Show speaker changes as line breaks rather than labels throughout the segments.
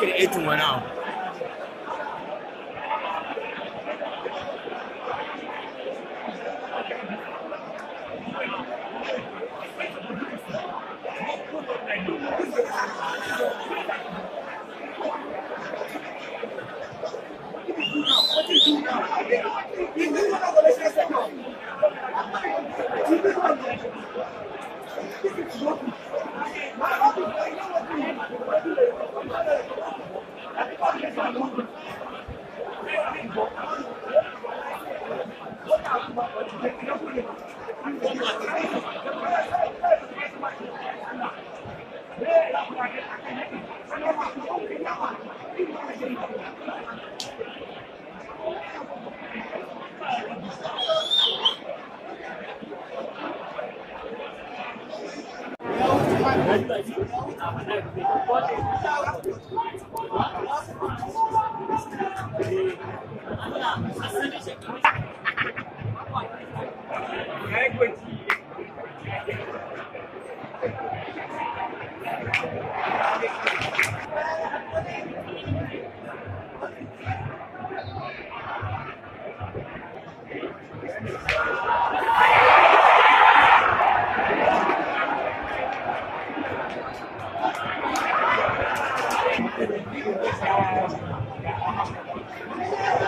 É everyone out. people. você. Régua Thank you.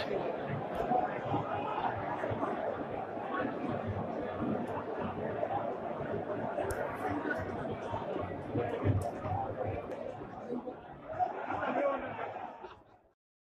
I mean,